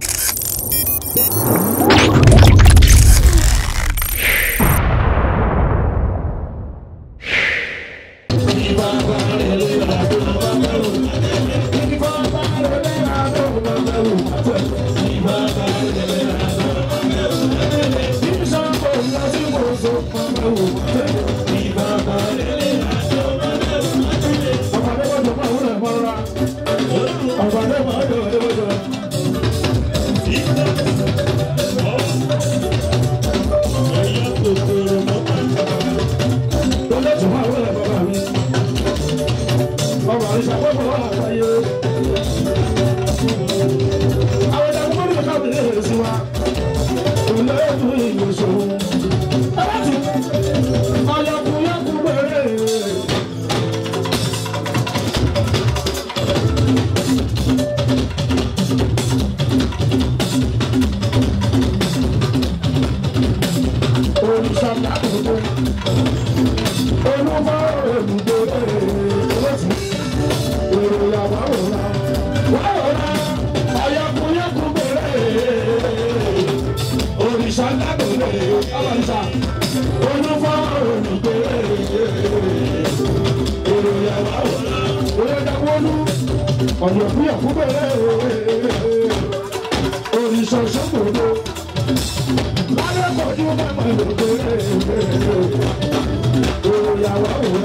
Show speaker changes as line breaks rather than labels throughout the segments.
you olùdàwọlú ọ̀nà fúyà fúbẹ̀rẹ̀ oríṣọ̀ṣọ́ gbòdò lálẹ́ kọjú bá máa lò pé òyàwó òun.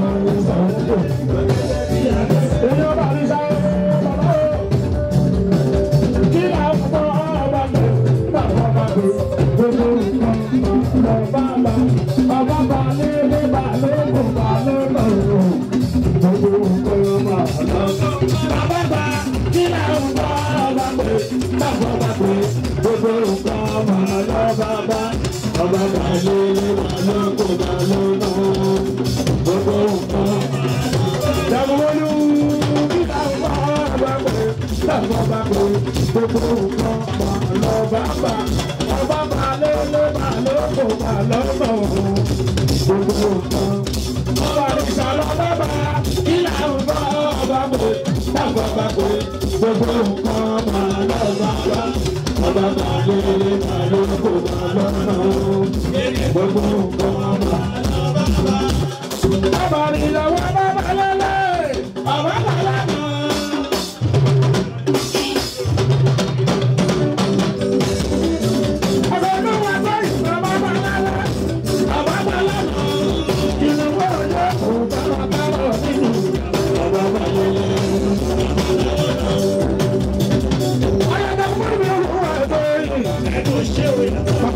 bàbá gbà nílẹ̀ ọ̀gbà ọba pé bàbá ọba pé gbogbo nǹkan ọmọ lọ́ba bá ọba gbà ní ìlànà kò bá lọ́nà gbogbo nǹkan. Dàgbọ́lú nílẹ̀ ọ̀gbà ọba pé bàbá ọba pé gbogbo nǹkan ọmọ lọ́ba bá ọba bá lọ́nà bá lọ́nà kò bá lọ́nà gbogbo nǹkan. gbogbo nǹkan máa lọ́ba wá. Bàbá máa lé mi lọ́wọ́ bá.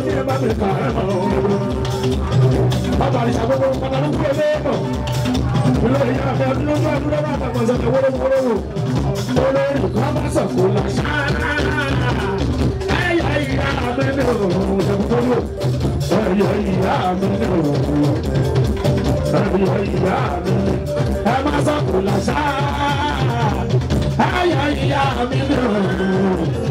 ti ẹ bá mi kà ẹ mọ̀ ọ́ lọ́wọ́. Bàbá àlìṣà gbogbo padà ló kúrò lẹ́ẹ̀kọ̀. Ìlú ìyá àfẹ́ lójú àdúrà wà tàbọn sọ̀tẹ̀ wọ́lọ́wọ́lọ́wọ́. Olórí Kábàṣà kò là ṣááná. Ẹ̀yà ìyá mi ní òòrùn ṣẹ̀kútọ́lù. Ẹ̀yà ìyá mi ní òòrùn. Ẹ̀yà ìyá mi. Ẹ má sọ kò là ṣáá. Ẹ̀yà ìyá mi ní òòrùn.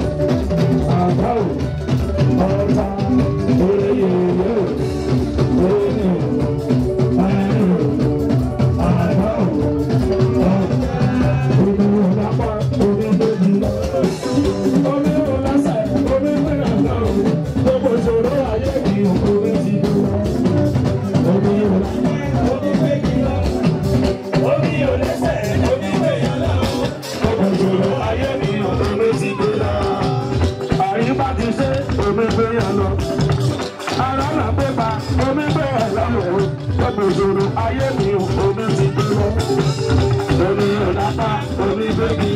tahu òdòdó ayé mi ò omi ti dúró omi ọ̀dàpá omi bébí.